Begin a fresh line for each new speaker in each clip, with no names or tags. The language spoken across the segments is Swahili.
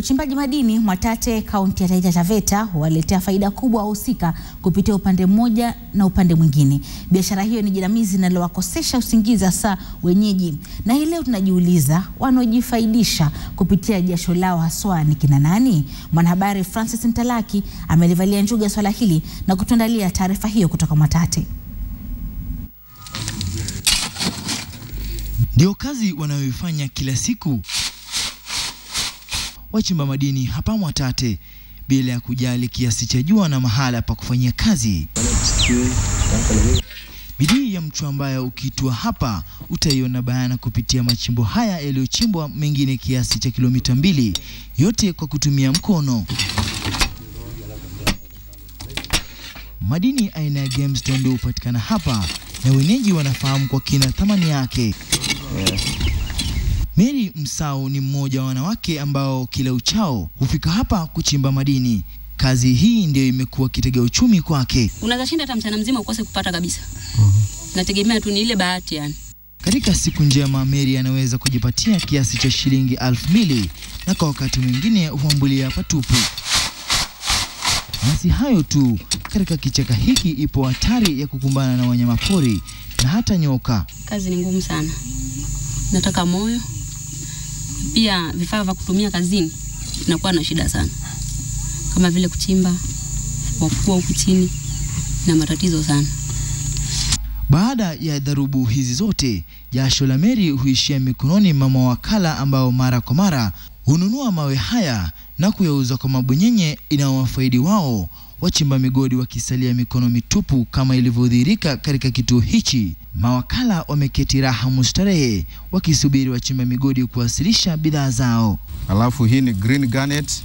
Uchimbaji madini Mwatate kaunti ya Taita Taveta huwaletea faida kubwa wahusika kupitia upande mmoja na upande mwingine. Biashara hiyo ni jinamizi linalowakosesha usingizi hasa wenyeji, na hii leo tunajiuliza wanaojifaidisha kupitia jasho lao haswa ni kina nani? Mwanahabari Francis mtalaki amelivalia njuga swala hili na kutuandalia taarifa hiyo kutoka Mwatate.
Ndio kazi wanayoifanya kila siku wachimba madini hapa Mwatate bila ya kujali kiasi cha jua na mahala pa kufanyia kazi. Bidii ya mtu ambaye ukitua hapa utaiona bayana kupitia machimbo haya yaliyochimbwa mengine kiasi cha kilomita mbili, yote kwa kutumia mkono. Madini aina ya gemstone ndio hupatikana hapa na wenyeji wanafahamu kwa kina thamani yake. Yeah. Mary Msau ni mmoja wa wanawake ambao kila uchao hufika hapa kuchimba madini. Kazi hii ndio imekuwa kitega uchumi kwake.
Unaweza shinda hata mchana mzima ukose kupata kabisa. Mm -hmm. Nategemea tu ni ile bahati yani.
Katika siku njema Mary anaweza kujipatia kiasi cha shilingi elfu mbili na kwa wakati mwingine huambulia patupu. Nasi hayo tu, katika kichaka hiki ipo hatari ya kukumbana na wanyamapori na hata nyoka.
Kazi ni ngumu sana, nataka moyo pia vifaa vya kutumia kazini inakuwa na shida sana, kama vile kuchimba, wakukua huku chini na matatizo sana.
Baada ya dharubu hizi zote, jasho la Mary huishia mikononi mwa mawakala ambao mara kwa mara hununua mawe haya na kuyauza kwa mabwenyenye inayowafaidi wao, wachimba migodi wakisalia mikono mitupu kama ilivyodhihirika katika kituo hichi. Mawakala wameketi raha mustarehe wakisubiri wachimba migodi kuwasilisha bidhaa zao.
Alafu hii ni green garnet,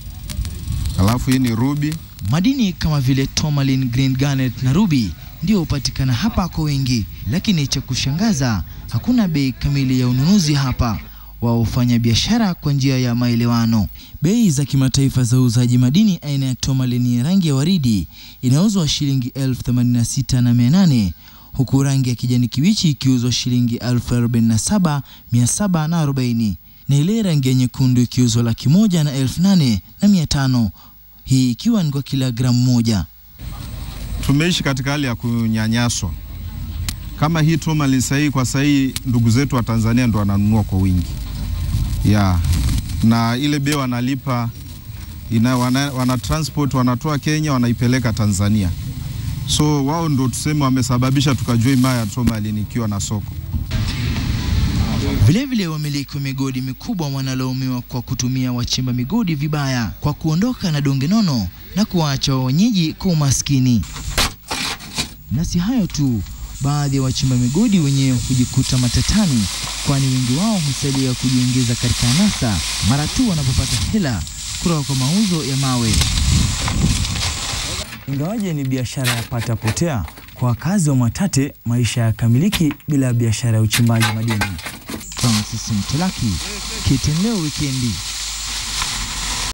alafu hii ni ruby.
Madini kama vile tourmaline, green garnet na ruby ndio hupatikana hapa kwa wingi, lakini cha kushangaza hakuna bei kamili ya ununuzi hapa. Wao hufanya biashara kwa njia ya maelewano. Bei za kimataifa za uuzaji madini aina ya tourmaline ya rangi ya waridi inauzwa shilingi elfu themanini na sita na mia nane huku rangi ya kijani kibichi ikiuzwa shilingi 47740 na ile rangi ya nyekundu ikiuzwa laki moja na elfu nane na mia tano hii ikiwa ni kwa gramu moja.
Tumeishi katika hali ya kunyanyaswa kama hii turmalin sahii, kwa sahii ndugu zetu wa Tanzania ndo wananunua kwa wingi ya na ile bei wanalipa ina, wana, wana transport wanatoa Kenya wanaipeleka Tanzania. So wao ndo tuseme wamesababisha tukajua himaya Somali nikiwa na soko.
Vilevile wamiliki wa migodi mikubwa wanalaumiwa kwa kutumia wachimba migodi vibaya kwa kuondoka na donge nono na kuwaacha wenyeji kwa umaskini. Na si hayo tu, baadhi ya wachimba migodi wenyewe hujikuta matatani, kwani wengi wao husalia kujiingiza katika anasa mara tu wanapopata hela kutoka kwa mauzo ya mawe. Ingawaje ni biashara ya pata potea, kwa wakazi wa Mwatate maisha yakamiliki bila biashara ya uchimbaji madini. Francis Mtelaki, KTN Leo Wikendi.